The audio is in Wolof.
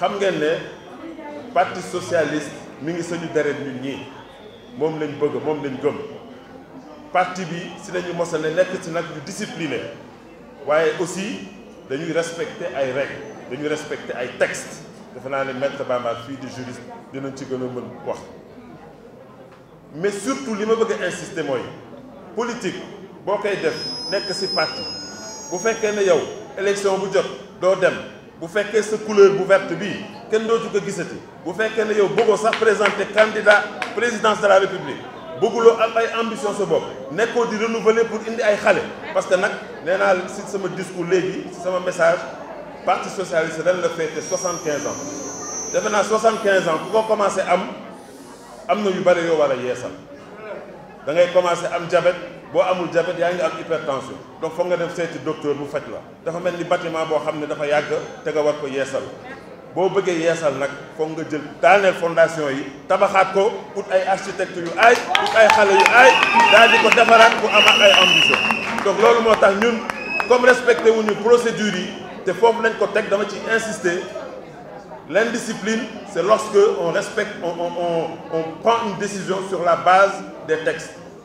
xam ngeen ne parti socialiste mi ngi suñu deret ñun ñii moom lañ bëgg moom lañ gëm parti bi si lañu mos a nekk ci nag ñu discipliné waaye aussi dañuy respecté ay règles dañuy respecté ay textes defe naa ne maître Bamba fii di juriste dinañ ci gën a mën wax mais surtout li ma bëgg a insister mooy politique boo koy def nekk ci parti bu fekkee ne yow élection bu jot doo dem vous faites ce couleur verte, quel est que vous avez Vous faites que vous avez présenté candidat à la présidence de la République. Vous avez une ambition sur ce bord. renouveler pour une Parce que si me mon discours, c'est mon message. Le Parti Socialiste a fait 75 ans. Il 75 ans. Pour commencer à avoir des il y a des choses. Vous a commencé à avoir des si amul diabète yaa hypertension donc que nga docteur vous la dafa bâtiment vous dafa te vous war ko vous que vous nga jël vous fondation yi ko ay architecte yu ay vous yu vous ko am ay ambition donc comme respecter wuñu procédure yi te ko dama ci insister l'indiscipline c'est lorsque on respecte on prend une décision sur la base des textes